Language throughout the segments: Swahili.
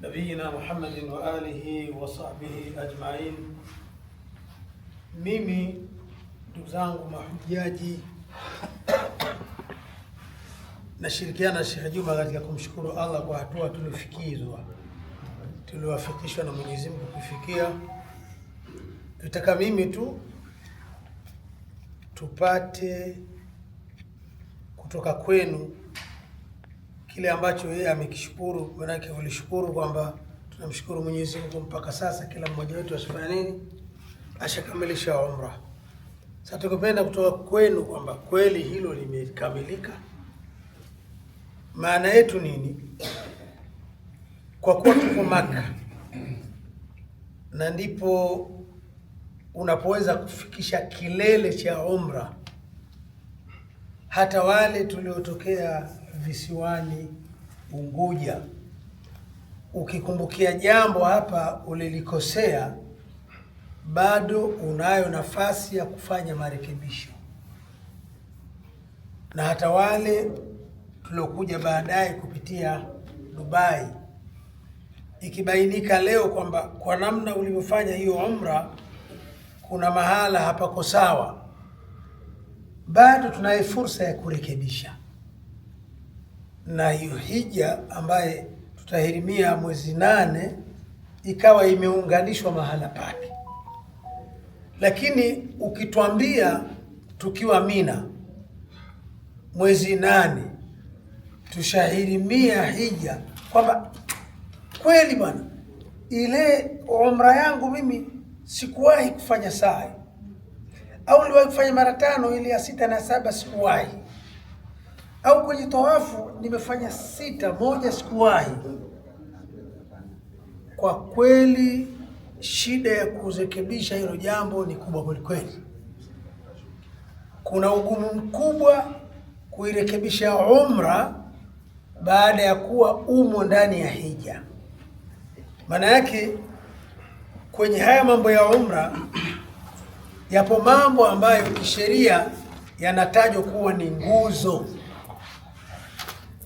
nabiina Muhammadin wa alihi wa sahbihi ajmain. Mimi ndugu zangu mahujaji, nashirikiana na Sheikh Juma katika kumshukuru Allah kwa hatua tuliofikizwa, tuliwafikishwa na Mwenyezi Mungu kufikia. Nataka mimi tu tupate kutoka kwenu kile ambacho yeye amekishukuru, manake walishukuru kwamba tunamshukuru Mwenyezi Mungu mpaka sasa kila mmoja wetu ashafanya nini, ashakamilisha umra. Sasa tukipenda kutoka kwenu kwamba kweli hilo limekamilika, maana yetu nini? Kwa kuwa tuko Maka na ndipo unapoweza kufikisha kilele cha umra, hata wale tuliotokea visiwani Unguja. Ukikumbukia jambo hapa ulilikosea, bado unayo nafasi ya kufanya marekebisho, na hata wale tuliokuja baadaye kupitia Dubai, ikibainika leo kwamba kwa namna ulivyofanya hiyo umra kuna mahala hapako sawa, bado tunaye fursa ya kurekebisha na hiyo hija ambaye tutahirimia mwezi nane ikawa imeunganishwa mahala pake. Lakini ukitwambia tukiwa Mina mwezi nane tushahirimia hija, kwamba kweli bwana, ile umra yangu mimi sikuwahi kufanya sahi, au niliwahi kufanya mara tano, ili ya sita na saba sikuwahi au kwenye tawafu nimefanya sita, moja sikuwahi. Kwa kweli shida ya kurekebisha hilo jambo ni kubwa kwelikweli. Kuna ugumu mkubwa kuirekebisha umra baada ya kuwa umo ndani ya hija. Maana yake kwenye haya mambo ya umra yapo mambo ambayo kisheria yanatajwa kuwa ni nguzo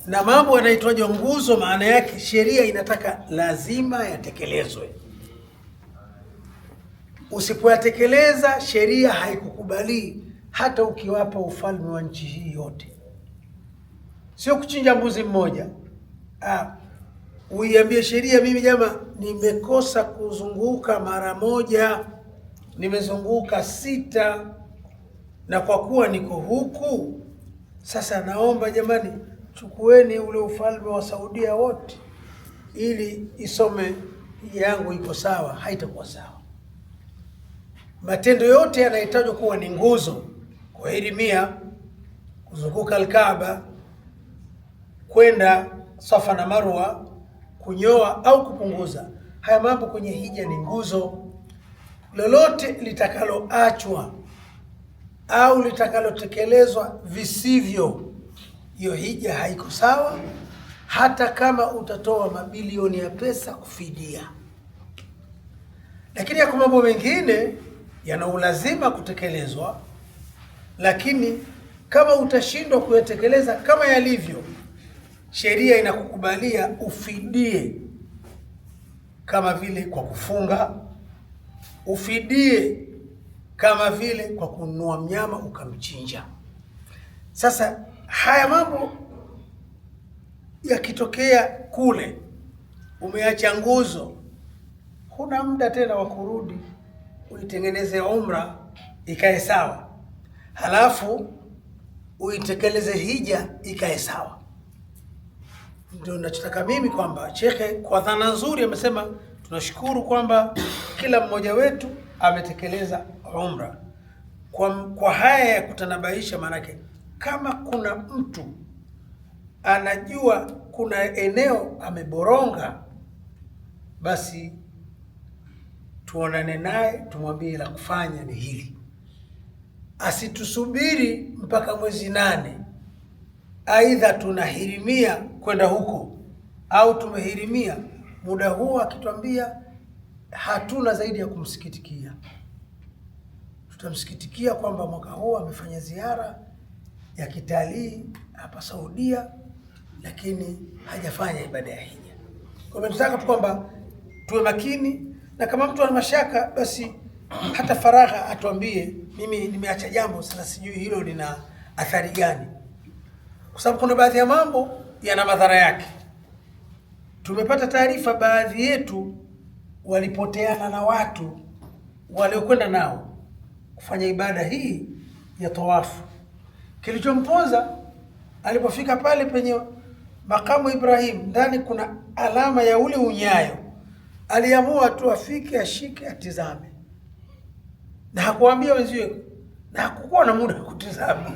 na mambo yanaitwaje nguzo, maana yake sheria inataka lazima yatekelezwe. Usipoyatekeleza sheria haikukubali, hata ukiwapa ufalme wa nchi hii yote. Sio kuchinja mbuzi mmoja ah, uiambie sheria, mimi jama nimekosa kuzunguka mara moja, nimezunguka sita, na kwa kuwa niko huku sasa, naomba jamani chukueni ule ufalme wa Saudia wote, ili isome yangu iko sawa, haitakuwa sawa. Matendo yote yanahitajwa kuwa ni nguzo: kuhirimia, kuzunguka Alkaaba, kwenda Safa na Marwa, kunyoa au kupunguza. Haya mambo kwenye hija ni nguzo. Lolote litakaloachwa au litakalotekelezwa visivyo hiyo hija haiko sawa, hata kama utatoa mabilioni ya pesa kufidia. Lakini yako mambo mengine yana ulazima kutekelezwa, lakini kama utashindwa kuyatekeleza kama yalivyo, sheria inakukubalia ufidie, kama vile kwa kufunga, ufidie kama vile kwa kununua mnyama ukamchinja. Sasa haya mambo yakitokea kule, umeacha nguzo, huna muda tena wa kurudi uitengeneze umra ikae sawa, halafu uitekeleze hija ikae sawa. Ndio nachotaka mimi kwamba shekhe, kwa dhana nzuri, amesema tunashukuru kwamba kila mmoja wetu ametekeleza umra kwa, kwa haya ya kutanabaisha maanake kama kuna mtu anajua kuna eneo ameboronga, basi tuonane naye, tumwambie la kufanya ni hili, asitusubiri mpaka mwezi nane. Aidha tunahirimia kwenda huko au tumehirimia muda huo, akituambia hatuna zaidi ya kumsikitikia, tutamsikitikia kwamba mwaka huu amefanya ziara ya kitalii hapa Saudia, lakini hajafanya ibada ya hija. Kwa hivyo tunataka tu kwamba tuwe makini, na kama mtu ana mashaka basi hata faragha atuambie, mimi nimeacha jambo, sasa sijui hilo lina athari gani, kwa sababu kuna baadhi ya mambo yana madhara yake. Tumepata taarifa baadhi yetu walipoteana na watu waliokwenda nao kufanya ibada hii ya tawafu Kilichomponza alipofika pale penye makamu Ibrahim, ndani kuna alama ya ule unyayo, aliamua tu afike, ashike, atizame, na hakuambia wenziwe, na hakukuwa na muda kutizama.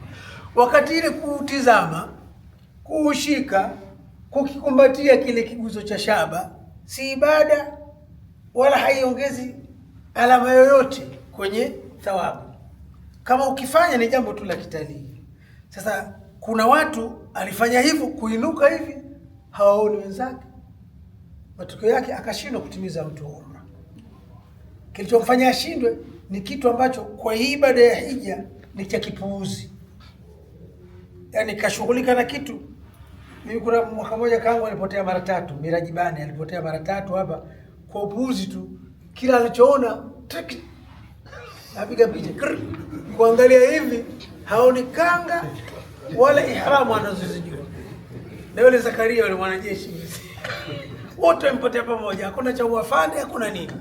Wakati ile kutizama kuushika, kukikumbatia kile kiguzo cha shaba si ibada, wala haiongezi alama yoyote kwenye thawabu kama ukifanya ni jambo tu la kitalii. Sasa kuna watu alifanya hivyo kuinuka hivi, hawaoni wenzake, matokeo yake akashindwa kutimiza mtu umra. Kilichomfanya ashindwe ni kitu ambacho kwa hii ibada ya hija ni cha kipuuzi, yaani kashughulika na kitu. Mimi kuna mwaka mmoja kangu alipotea mara tatu Mirajibani, alipotea mara tatu hapa kwa upuuzi tu, kila alichoona apiga picha kuangalia hivi, haoni kanga wala ihramu anazozijua. Na yule Zakaria yule mwanajeshi wote wamepotea pamoja, hakuna cha uwafane, hakuna nini.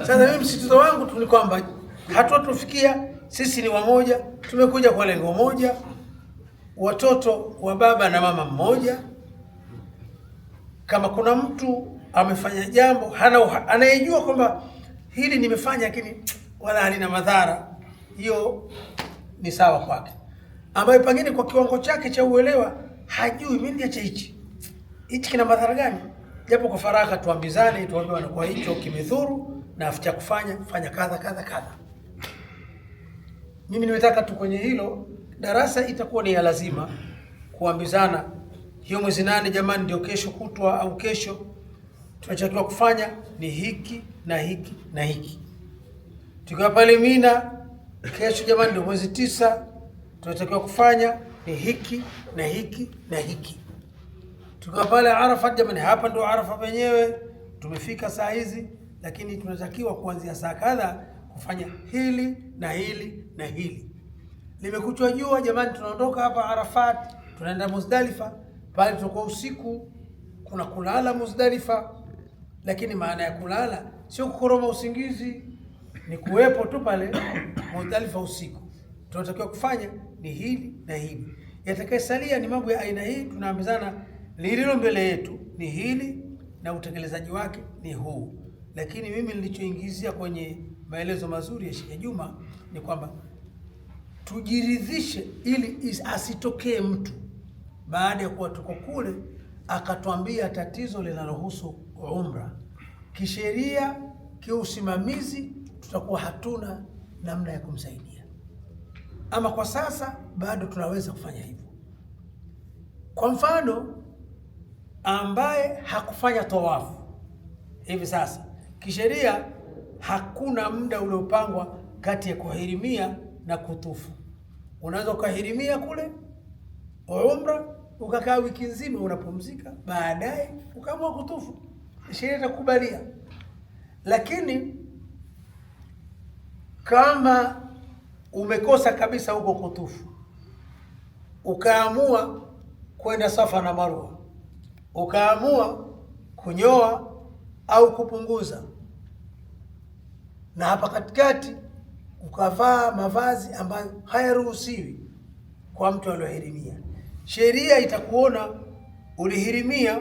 Sasa mimi msitizo wangu tu ni kwamba hatua tufikia sisi ni wamoja, tumekuja kwa lengo moja, watoto wa baba na mama mmoja. Kama kuna mtu amefanya jambo anayejua kwamba hili nimefanya lakini wala halina madhara, hiyo ni sawa kwake. Ambayo pengine kwa kiwango chake cha uelewa hajui mimi niache hichi hichi kina madhara gani, japo kwa faraka tuambizane, tuambiwe na kwa hicho kimedhuru na afuta kufanya fanya kadha kadha kadha. Mimi nimetaka tu kwenye hilo darasa itakuwa ni ya lazima kuambizana hiyo mwezi nane, jamani, ndio kesho kutwa au kesho, tunachotakiwa kufanya ni hiki na hiki na hiki tukiwa pale Mina kesho, jamani, ndio mwezi tisa, tunatakiwa kufanya ni hiki na hiki na hiki. Tukiwa pale arafa jamani, hapa ndio Arafa penyewe, tumefika saa hizi, lakini tunatakiwa kuanzia saa kadha kufanya hili na hili na hili. Limekuchwa jua, jamani, tunaondoka hapa Arafat, tunaenda Muzdalifa. Pale tutakuwa usiku, kuna kulala Muzdalifa, lakini maana ya kulala sio kukoroma usingizi ni kuwepo tu pale Muzdalifa usiku. Tunatakiwa kufanya ni hili na hili, yatakayesalia ni mambo ya aina hii. Tunaambizana lililo mbele yetu ni hili na utekelezaji wake ni huu, lakini mimi nilichoingizia kwenye maelezo mazuri ya Sheikh Juma ni kwamba tujiridhishe, ili asitokee mtu baada ya kuwa tuko kule akatwambia tatizo linalohusu umra kisheria, kiusimamizi tutakuwa hatuna namna ya kumsaidia. Ama kwa sasa bado tunaweza kufanya hivyo. Kwa mfano, ambaye hakufanya tawafu hivi sasa, kisheria hakuna muda uliopangwa kati ya kuhirimia na kutufu. Unaweza ukahirimia kule umra ukakaa wiki nzima unapumzika, baadaye ukaamua kutufu, sheria itakubalia lakini kama umekosa kabisa huko kutufu, ukaamua kwenda Safa na Marwa, ukaamua kunyoa au kupunguza, na hapa katikati ukavaa mavazi ambayo hayaruhusiwi kwa mtu aliyohirimia, sheria itakuona ulihirimia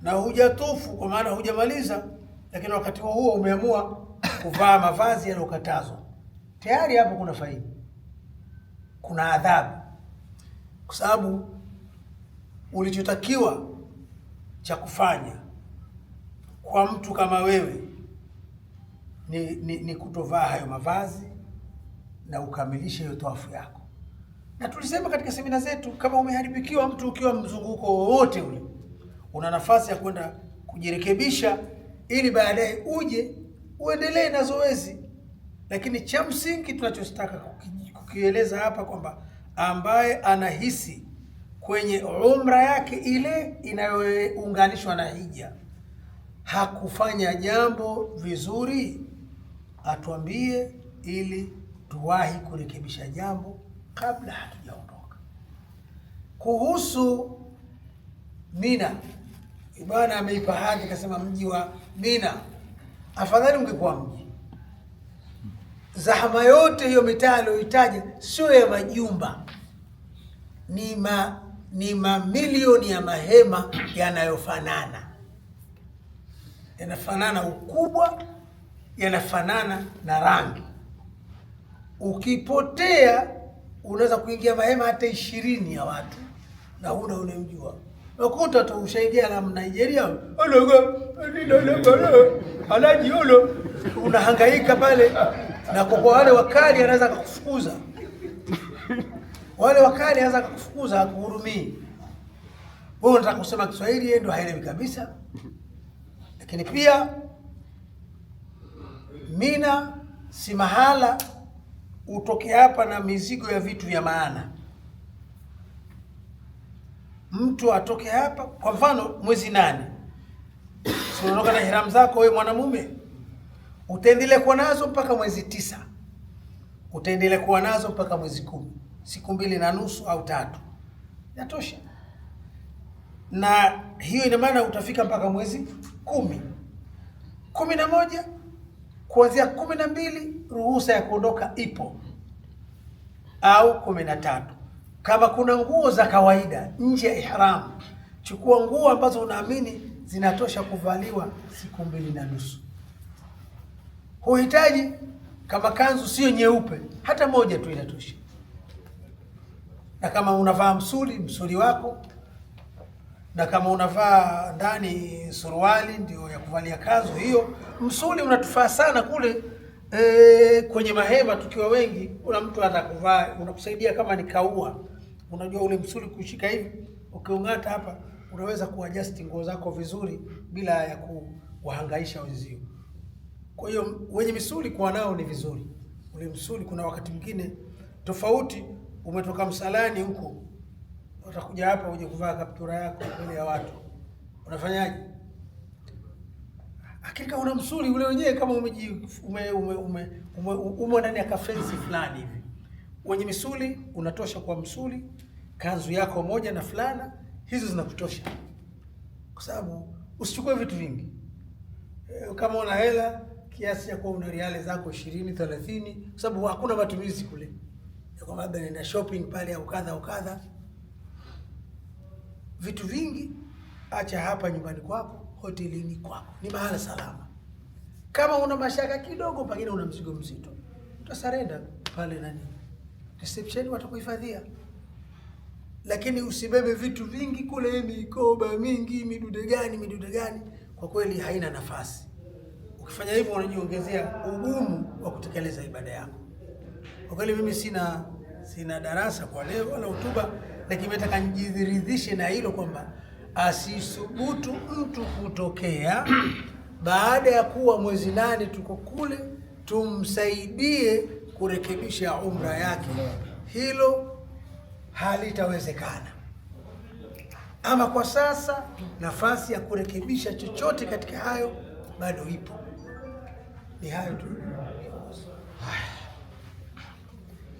na hujatufu, kwa maana hujamaliza, lakini wakati huo umeamua kuvaa mavazi yaliyokatazwa, tayari hapo kuna faida, kuna adhabu, kwa sababu ulichotakiwa cha kufanya kwa mtu kama wewe ni, ni, ni kutovaa hayo mavazi na ukamilishe hiyo toafu yako. Na tulisema katika semina zetu, kama umeharibikiwa mtu ukiwa mzunguko wowote ule, una nafasi ya kwenda kujirekebisha ili baadaye uje uendelee na zoezi, lakini cha msingi tunachotaka kukieleza hapa kwamba ambaye anahisi kwenye umra yake ile inayounganishwa na hija hakufanya jambo vizuri, atuambie ili tuwahi kurekebisha jambo kabla hatujaondoka. Kuhusu Mina, Ibana ameipa hadhi, kasema mji wa Mina afadhali mji Zahama yote hiyo mitaa aliyoitaja sio ya majumba, ni ma, ni mamilioni ya mahema yanayofanana, yanafanana ukubwa, yanafanana na rangi. Ukipotea unaweza kuingia mahema hata ishirini ya watu na huna unayojua Nakuta tu ushaidia na Nigeria alaji olo, unahangaika pale, na kwa wale wakali anaweza kukufukuza, wale wakali anaweza kukufukuza, hakuhurumii wewe. Unataka kusema Kiswahili, yeye ndio haelewi kabisa. Lakini pia Mina si mahala utoke hapa na mizigo ya vitu vya maana mtu atoke hapa, kwa mfano mwezi nane unaondoka na ihram zako wewe mwanamume, utaendelea kuwa nazo mpaka mwezi tisa, utaendelea kuwa nazo mpaka mwezi kumi, siku mbili na nusu au tatu yatosha. Na hiyo ina maana utafika mpaka mwezi kumi, kumi na moja, kuanzia kumi na mbili ruhusa ya kuondoka ipo, au kumi na tatu kama kuna nguo za kawaida nje ya ihram, chukua nguo ambazo unaamini zinatosha kuvaliwa siku mbili na nusu. Huhitaji kama kanzu sio nyeupe, hata moja tu inatosha, na kama unavaa msuli, msuli wako, na kama unavaa ndani suruali ndio ya kuvalia kanzu hiyo. Msuli unatufaa sana kule e, kwenye mahema tukiwa wengi, kuna mtu atakuvaa unakusaidia kama ni kaua Unajua ule msuli kushika hivi, ukiung'ata hapa unaweza kuadjust nguo zako vizuri bila ya kuwahangaisha wenzio. Kwa hiyo wenye misuli kuwa nao ni vizuri. Ule msuli kuna wakati mwingine tofauti, umetoka msalani huko utakuja hapa uje kuvaa kaptura yako mbele ya watu, unafanyaje? Hakika una msuli ule wenyewe kama ume ume ume ume ume ndani ya kafensi fulani hivi wenye misuli unatosha kwa msuli, kanzu yako moja na fulana hizo zinakutosha, kwa sababu usichukue vitu vingi. Eh, kama una hela kiasi cha kuwa una riale zako 20 30, kwa sababu hakuna matumizi kule ya kwamba labda naenda shopping pale au kadha au kadha. Vitu vingi acha hapa nyumbani kwako, hotelini kwako, ni mahala salama. Kama una mashaka kidogo, pengine una mzigo mzito, utasarenda pale nani reception watakuhifadhia, lakini usibebe vitu vingi kule, mikoba mingi, midude gani midude gani, kwa kweli haina nafasi. Ukifanya hivyo, unajiongezea ugumu wa kutekeleza ibada yako. Kwa kweli mimi sina sina darasa kwa leo wala hotuba, lakini nataka nijiridhishe na hilo kwamba asisubutu mtu kutokea baada ya kuwa mwezi nane tuko kule, tumsaidie kurekebisha umra yake, hilo halitawezekana. Ama kwa sasa nafasi ya kurekebisha chochote katika hayo bado ipo. Ni hayo tu.